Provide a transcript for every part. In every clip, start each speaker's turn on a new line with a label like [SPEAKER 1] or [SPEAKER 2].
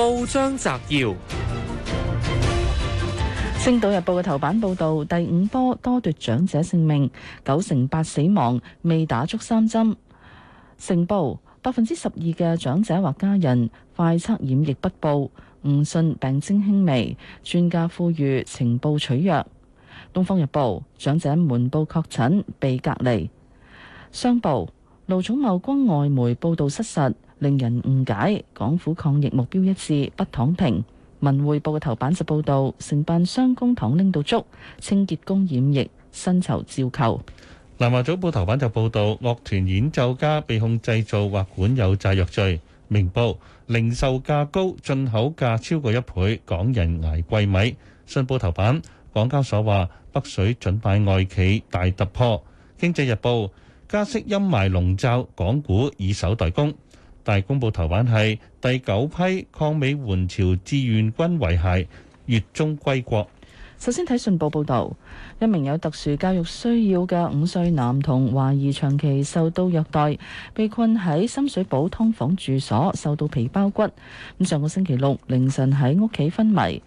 [SPEAKER 1] 報章摘要：星島日報嘅頭版報道，第五波多奪長者性命，九成八死亡未打足三針。成報百分之十二嘅長者或家人快測染疫不報，誤信病徵輕微。專家呼籲情報取藥。東方日報長者瞞報確診被隔離。商報盧寵茂轟外媒報道失實。令人誤解，港府抗疫目標一致，不躺平。文匯報嘅頭版就報道承辦商公帑拎到盡清潔工染疫，薪酬照扣。
[SPEAKER 2] 南華早報頭版就報道樂團演奏家被控製造或管有炸藥罪。明報零售價高，進口價超過一倍，港人捱貴米。信報頭版，港交所話北水准買外企大突破。經濟日報加息陰霾籠罩，港股以守待攻。大公報頭版係第九批抗美援朝志願軍遺骸月中歸國。
[SPEAKER 1] 首先睇信報報導，一名有特殊教育需要嘅五歲男童懷疑長期受到虐待，被困喺深水埗㓥房住所瘦到皮包骨。咁上個星期六凌晨喺屋企昏迷，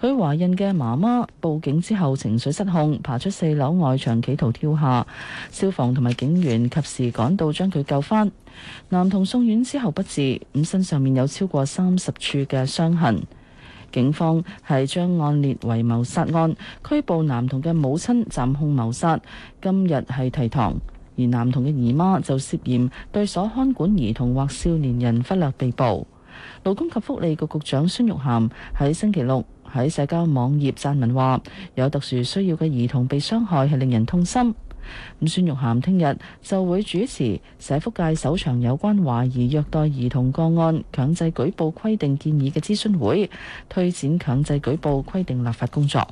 [SPEAKER 1] 佢懷孕嘅媽媽報警之後情緒失控，爬出四樓外牆企圖跳下，消防同埋警員及時趕到將佢救返。男童送院之後不治，咁身上面有超過三十處嘅傷痕。警方係將案列為謀殺案，拘捕男童嘅母親暫控謀殺，今日係提堂。而男童嘅姨媽就涉嫌對所看管兒童或少年人忽略被捕。勞工及福利局局長孫玉菡喺星期六喺社交網頁撰文話：有特殊需要嘅兒童被傷害係令人痛心。咁孫玉菡聽日就會主持社福界首場有關懷疑虐待兒童個案強制舉報規定建議嘅諮詢會，推展強制舉報規定立法工作。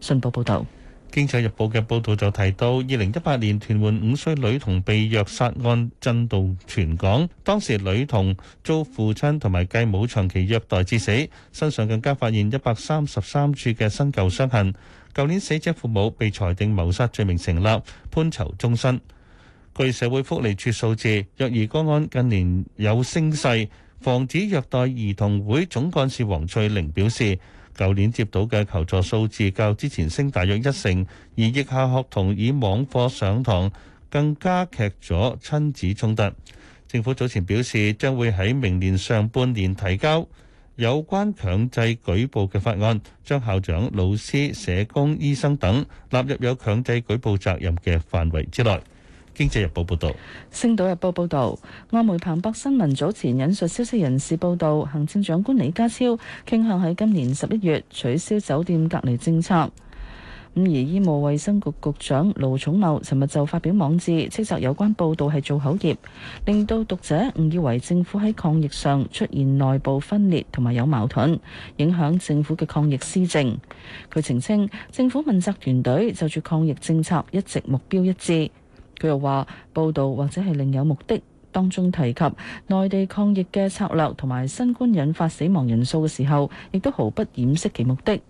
[SPEAKER 1] 信報報道。《經
[SPEAKER 2] 濟日報》嘅報導就提到，二零一八年屯門五歲女童被虐殺案震動全港。當時女童遭父親同埋繼母長期虐待致死，身上更加發現一百三十三處嘅新舊傷痕。舊年死者父母被裁定謀殺罪名成立，判囚終身。據社會福利署數字，虐兒個案近年有升勢。防止虐待兒童會總幹事黃翠玲表示。舊年接到嘅求助數字較之前升大約一成，而疫下學童以網課上堂，更加劇咗親子衝突。政府早前表示，將會喺明年上半年提交有關強制舉報嘅法案，將校長、老師、社工、醫生等納入有強制舉報責任嘅範圍之內。經濟日報報導，
[SPEAKER 1] 《星島日報》報導，《外媒彭博新聞》早前引述消息人士報導，行政長官李家超傾向喺今年十一月取消酒店隔離政策。咁而醫務衛生局局長盧寵茂尋日就發表網誌，斥責有關報導係做口業，令到讀者誤以為政府喺抗疫上出現內部分裂同埋有矛盾，影響政府嘅抗疫施政。佢澄清，政府問責團隊就住抗疫政策一直目標一致。佢又話：報導或者係另有目的，當中提及內地抗疫嘅策略同埋新冠引發死亡人數嘅時候，亦都毫不掩飾其目的。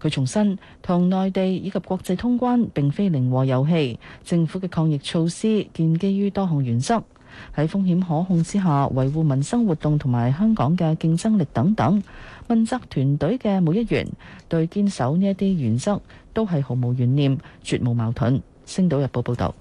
[SPEAKER 1] 佢重申，同內地以及國際通關並非零和遊戲，政府嘅抗疫措施建基於多項原則，喺風險可控之下維護民生活動同埋香港嘅競爭力等等。問責團隊嘅每一員對堅守呢一啲原則都係毫無怨念，絕無矛盾。《星島日報》報導，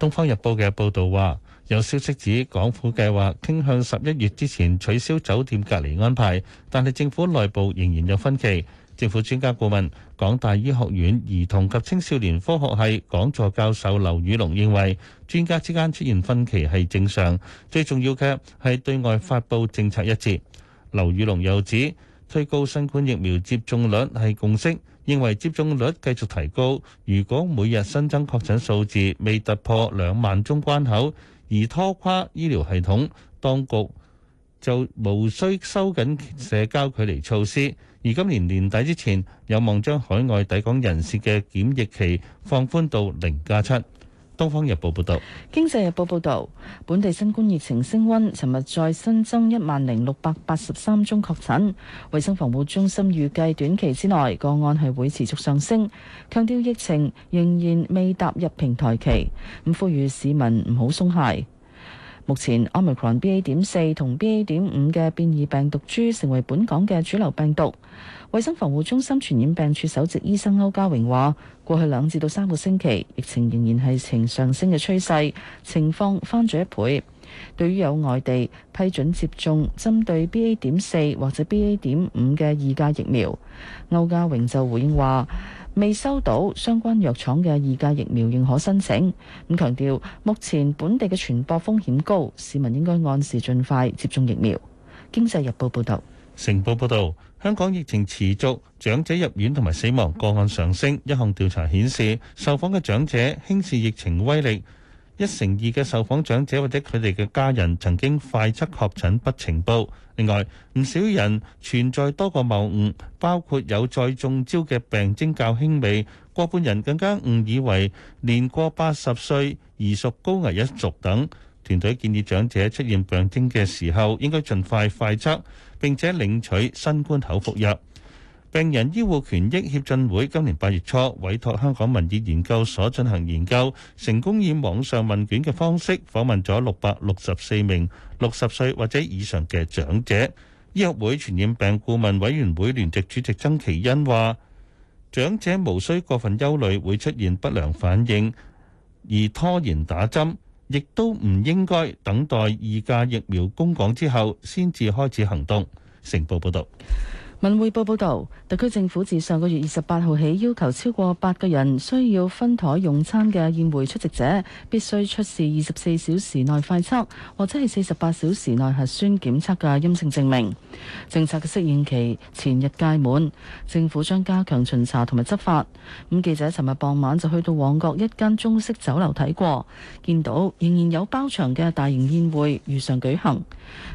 [SPEAKER 2] 《東方日報》嘅報導話，有消息指港府計劃傾向十一月之前取消酒店隔離安排，但係政府內部仍然有分歧。政府專家顧問、港大醫學院兒童及青少年科學系講座教授劉宇龍認為，專家之間出現分歧係正常，最重要嘅係對外發布政策一致。劉宇龍又指，推高新冠疫苗接種率係共識，認為接種率繼續提高。如果每日新增確診數字未突破兩萬宗關口，而拖垮醫療系統，當局就無需收緊社交距離措施。而今年年底之前，有望將海外抵港人士嘅檢疫期放寬到零加七。《東方日報》報道，
[SPEAKER 1] 《經濟日報》報導，本地新冠疫情升溫，尋日再新增一萬零六百八十三宗確診。衞生防護中心預計短期之內個案係會持續上升，強調疫情仍然未踏入平台期，咁呼籲市民唔好鬆懈。目前，Omicron BA.4 同 BA.5 嘅變異病毒株成為本港嘅主流病毒。衛生防護中心傳染病處首席醫生歐家榮話：，過去兩至到三個星期，疫情仍然係呈上升嘅趨勢，情況翻咗一倍。對於有外地批准接種針對 BA.4 或者 BA.5 嘅二價疫苗，歐家榮就回應話：，未收到相關藥廠嘅二價疫苗認可申請。咁強調，目前本地嘅傳播風險高，市民應該按時盡快接種疫苗。經濟日報報道。
[SPEAKER 2] 成報報導，香港疫情持續，長者入院同埋死亡個案上升。一項調查顯示，受訪嘅長者輕視疫情威力，一成二嘅受訪長者或者佢哋嘅家人曾經快測確診不呈報。另外，唔少人存在多個謬誤，包括有再中招嘅病徵較輕微，過半人更加誤以為年過八十歲而屬高危一族等。團隊建議長者出現病徵嘅時候，應該盡快快測，並且領取新冠口服藥。病人醫護權益協進會今年八月初委託香港民意研究所進行研究，成功以網上問卷嘅方式訪問咗六百六十四名六十歲或者以上嘅長者。醫學會傳染病顧問委員會聯席主席曾奇恩話：長者無需過分憂慮會出現不良反應，而拖延打針。亦都唔應該等待二價疫苗供港之後，先至開始行動。《成報》報道。
[SPEAKER 1] 文匯報報道，特區政府自上個月二十八號起，要求超過八個人需要分台用餐嘅宴會出席者，必須出示二十四小時內快測或者係四十八小時內核酸檢測嘅陰性證明。政策嘅適應期前日屆滿，政府將加強巡查同埋執法。咁記者尋日傍晚就去到旺角一間中式酒樓睇過，見到仍然有包場嘅大型宴會如常舉行。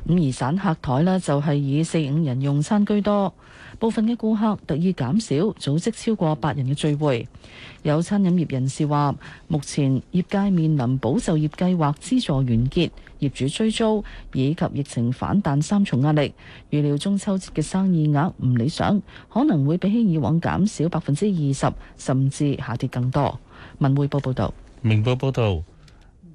[SPEAKER 1] 咁而散客台呢，就係以四五人用餐居多。部分嘅顧客特意減少組織超過百人嘅聚會。有餐飲業人士話，目前業界面臨保就業計劃資助完結、業主追租以及疫情反彈三重壓力，預料中秋節嘅生意額唔理想，可能會比起以往減少百分之二十，甚至下跌更多。文匯報報道，
[SPEAKER 2] 明報報道，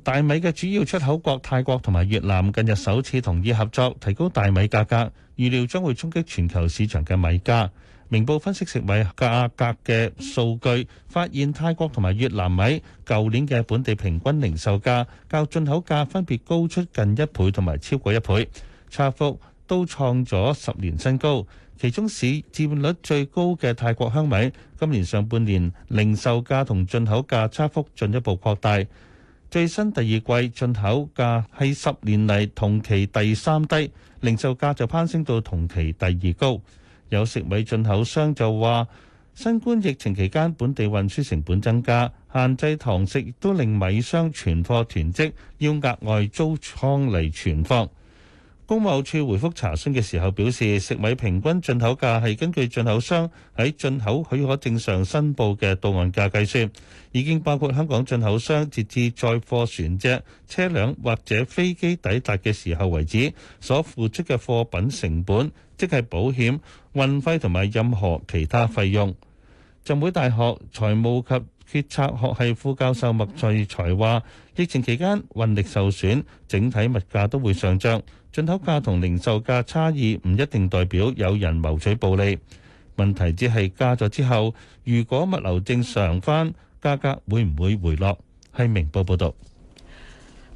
[SPEAKER 2] 大米嘅主要出口國泰國同埋越南近日首次同意合作提高大米價格。預料將會衝擊全球市場嘅米價。明報分析食米價格嘅數據，發現泰國同埋越南米舊年嘅本地平均零售價較進口價分別高出近一倍同埋超過一倍，差幅都創咗十年新高。其中市佔率最高嘅泰國香米今年上半年零售價同進口價差幅進一步擴大。最新第二季進口價係十年嚟同期第三低，零售價就攀升到同期第二高。有食米進口商就話，新冠疫情期間本地運輸成本增加，限制堂食亦都令米商存貨囤積，要額外租倉嚟存貨。工貿處回覆查詢嘅時候表示，食米平均進口價係根據進口商喺進口許可證上申報嘅到岸價計算，已經包括香港進口商截至載貨船隻、車輛或者飛機抵達嘅時候為止所付出嘅貨品成本，即係保險、運費同埋任何其他費用。浸會大學財務及決策學系副教授麥萃才話。疫情期間運力受損，整體物價都會上漲。進口價同零售價差異唔一定代表有人謀取暴利，問題只係加咗之後，如果物流正常返，價格會唔會回落？係明報報道。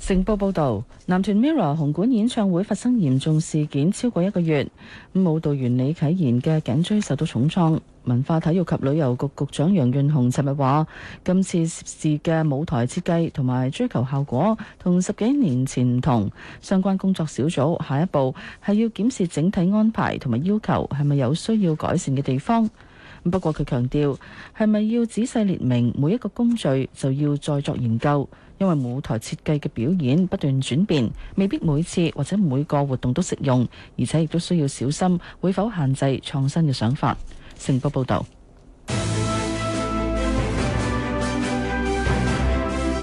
[SPEAKER 1] 成報報導，男團 MIRROR 紅館演唱會發生嚴重事件超過一個月，舞蹈員李啟賢嘅頸椎受到重創。文化體育及旅遊局局長楊潤雄尋日話：今次涉事嘅舞台設計同埋追求效果，同十幾年前唔同。相關工作小組下一步係要檢視整體安排同埋要求，係咪有需要改善嘅地方？不過佢強調，係咪要仔細列明每一個工序，就要再作研究。因為舞台設計嘅表演不斷轉變，未必每次或者每個活動都適用，而且亦都需要小心會否限制創新嘅想法。成報報道，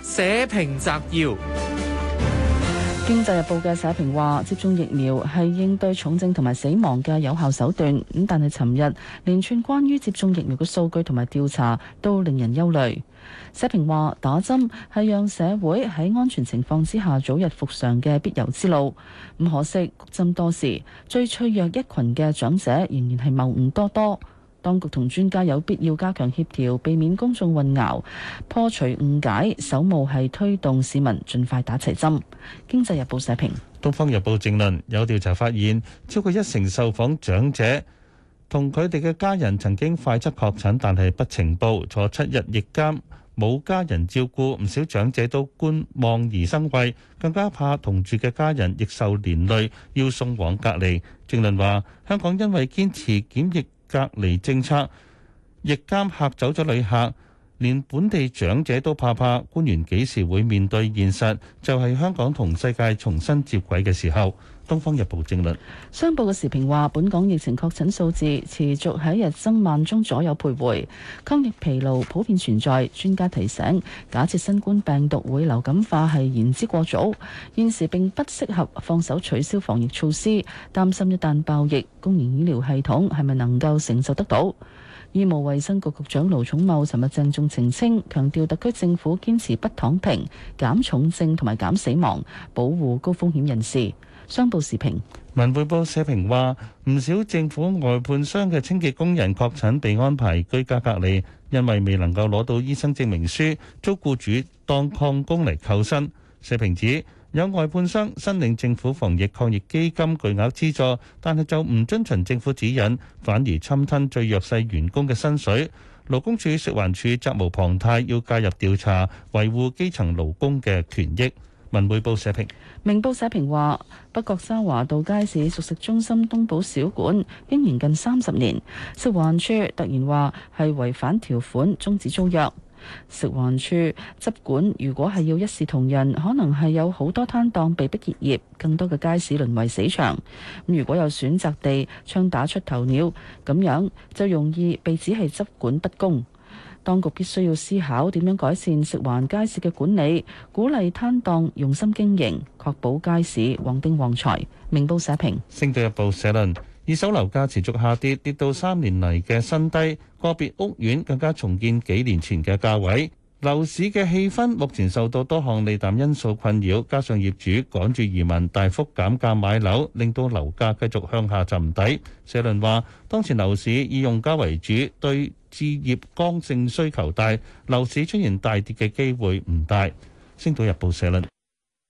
[SPEAKER 1] 社評摘要。《經濟日報》嘅社評話，接種疫苗係應對重症同埋死亡嘅有效手段。咁但係，尋日連串關於接種疫苗嘅數據同埋調查都令人憂慮。社評話，打針係讓社會喺安全情況之下早日復常嘅必由之路。咁可惜，谷針多時，最脆弱一群嘅長者仍然係謬誤多多。當局同專家有必要加強協調，避免公眾混淆，破除誤解，首務係推動市民盡快打齊針。經濟日報社評。
[SPEAKER 2] 《東方日報》正論有調查發現，超過一成受訪長者同佢哋嘅家人曾經快測確診，但係不情報坐七日疫監，冇家人照顧，唔少長者都觀望而生畏，更加怕同住嘅家人亦受連累，要送往隔離。正論話，香港因為堅持檢疫。隔離政策亦監嚇走咗旅客。連本地長者都怕怕，官員幾時會面對現實？就係、是、香港同世界重新接軌嘅時候。東方日報正論。
[SPEAKER 1] 商報嘅時評話，本港疫情確診數字持續喺日增萬宗左右徘徊，抗疫疲勞普遍存在。專家提醒，假設新冠病毒會流感化係言之過早，現時並不適合放手取消防疫措施，擔心一旦爆疫，公營醫療系統係咪能夠承受得到？醫務衛生局局長盧寵茂尋日鄭重澄清，強調特區政府堅持不躺平、減重症同埋減死亡，保護高風險人士。商報時評：
[SPEAKER 2] 文匯報社評話，唔少政府外判商嘅清潔工人確診，被安排居家隔離，因為未能夠攞到醫生證明書，遭雇主當曠工嚟扣薪。社評指。有外判商申領政府防疫抗疫基金巨額資助，但係就唔遵循政府指引，反而侵吞最弱勢員工嘅薪水。勞工處食環署責無旁貸要介入調查，維護基層勞工嘅權益。文匯報社評，
[SPEAKER 1] 明報社評話：北角沙華道街市熟食中心東寶小館經營近三十年，食環署突然話係違反條款，終止租約。食環署執管，如果係要一視同仁，可能係有好多攤檔被迫結業，更多嘅街市淪為死場。如果有選擇地槍打出頭鳥，咁樣就容易被指係執管不公。當局必須要思考點樣改善食環街市嘅管理，鼓勵攤檔用心經營，確保街市旺丁旺財。明報社評，
[SPEAKER 2] 星島日報社論。二手樓價持續下跌，跌到三年嚟嘅新低，個別屋苑更加重建幾年前嘅價位。樓市嘅氣氛目前受到多項利淡因素困擾，加上業主趕住移民大幅減價買樓，令到樓價繼續向下沉底。社論話：當前樓市以用家為主，對置業剛性需求大，樓市出現大跌嘅機會唔大。星島日報社論。